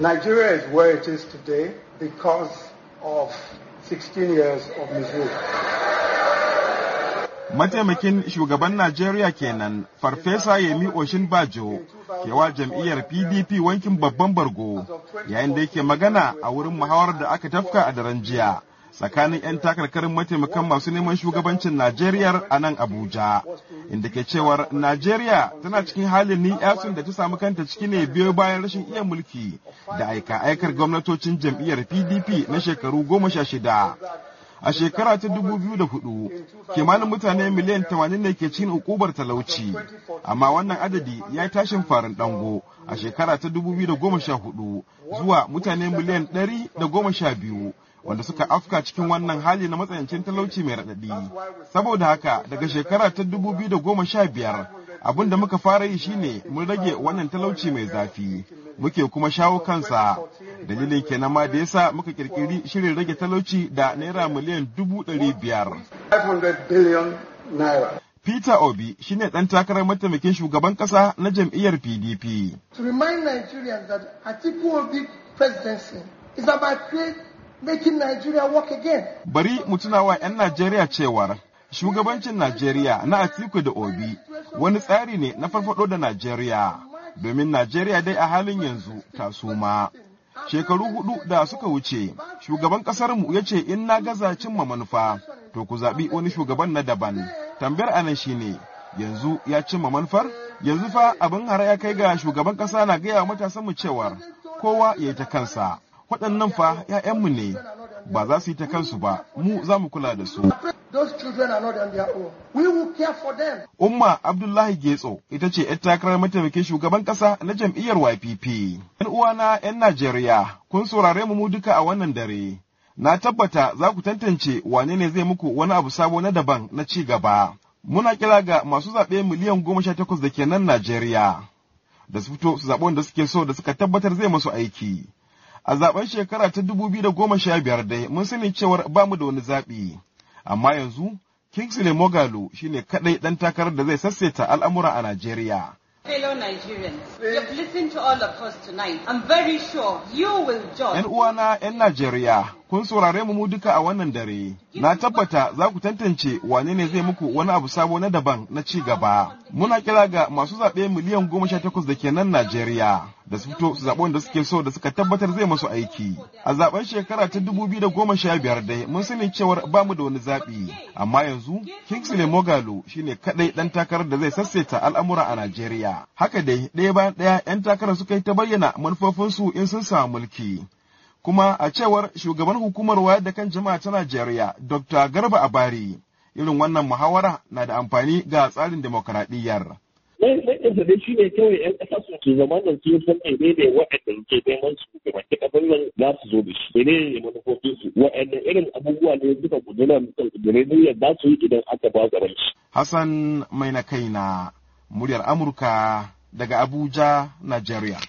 Nigeria is where it is today because of 16 years of misrule. Mataimakin shugaban Najeriya kenan Farfesa Yemi Oshin Bajo kewa jam'iyyar PDP wankin babban bargo yayin da yake magana a wurin muhawar da aka tafka a daren jiya. tsakanin 'yan takarkarin mataimakan masu neman shugabancin Najeriya a nan Abuja, inda ke cewar Najeriya tana cikin halin ni yasun da ta samu kanta ciki ne biyo bayan rashin iya mulki da aika aikar gwamnatocin jam'iyyar PDP na shekaru goma sha shida. A shekara ta dubu biyu da hudu, kimanin mutane miliyan tamanin ne ke cikin ukubar talauci, amma wannan adadi ya tashin farin dango a shekara ta dubu biyu da goma sha hudu zuwa mutane miliyan ɗari da goma sha biyu wanda suka afka cikin wannan hali na matsayancin talauci mai raɗaɗi. Saboda haka daga shekara ta dubu biyu da goma sha biyar abin da muka fara yi shine mun rage wannan talauci mai zafi muke kuma shawo kansa dalilin kenan ma da yasa muka kirkiri shirin rage talauci da naira miliyan dubu ɗari biyar. Peter Obi shine ɗan takarar mataimakin shugaban ƙasa na jam'iyyar PDP. To remind Nigerians that Atiku Obi presidency is about creating making Nigeria work again. Bari mu tuna 'yan Najeriya cewar shugabancin Najeriya na Atiku da Obi wani tsari ne na farfado da Najeriya domin Najeriya dai a halin yanzu ta suma. Shekaru hudu da suka wuce, shugaban ƙasarmu ya ce in na gaza cimma manufa, to ku zaɓi wani shugaban na daban. Tambayar anan ne yanzu ya cimma manufar? Yanzu fa abin hara ya kai ga shugaban ƙasa na gaya wa matasanmu cewar kowa ya yi ta kansa. waɗannan fa 'ya'yanmu ne ba za su yi ta kansu ba mu za mu kula da su umma abdullahi getso ita ce 'yar takarar mataimakin shugaban ƙasa na jam'iyyar ypp yan uwana 'yan najeriya kun saurare mu duka a wannan dare na tabbata za ku tantance wane ne zai muku wani abu sabo na daban na ci gaba muna kira ga masu zaɓe miliyan goma sha takwas da ke nan najeriya da su fito su zaɓi wanda suke so da suka tabbatar zai masu aiki a zaben shekara ta dubu biyu da goma 2015 dai mun sani cewar bamu da wani zaɓi amma yanzu kingsley mogalo shine kaɗai ɗan takarar da zai sassaita al'amura a najeriya Yan uwa na uwana 'yan Najeriya, kun saurare mu duka a wannan dare. Na tabbata za ku tantance wane ne zai muku wani abu sabo na daban na ci gaba. Muna kira ga masu zaɓe miliyan goma sha takwas da ke nan Najeriya. da su fito su zaɓi wanda suke so da suka tabbatar zai masu aiki. A zaɓen shekara ta dubu biyu da goma sha biyar dai mun sani cewar ba mu da wani zaɓi. Amma yanzu Kingsley Mogalo shine kaɗai ɗan takarar da zai sassaita al'amura a Najeriya. Haka dai ɗaya bayan ɗaya 'yan takarar suka yi ta bayyana manufofinsu in sun samu mulki. Kuma a cewar shugaban hukumar wayar da kan jama'a ta Najeriya, Dr. Garba Abari, irin wannan muhawara na da amfani ga tsarin demokaradiyyar. Maɗinsa dai shi ne kawai 'yan ƙasa su zaman zama da su san ne ne waɗanda ke neman su gabanci ƙasar nan za su zo da shi ne ne manufofin su waɗanda irin abubuwa ne duka gudunar da za su yi idan aka ba gaban shi. Hassan mai na kai na muryar Amurka daga Abuja, Najeriya.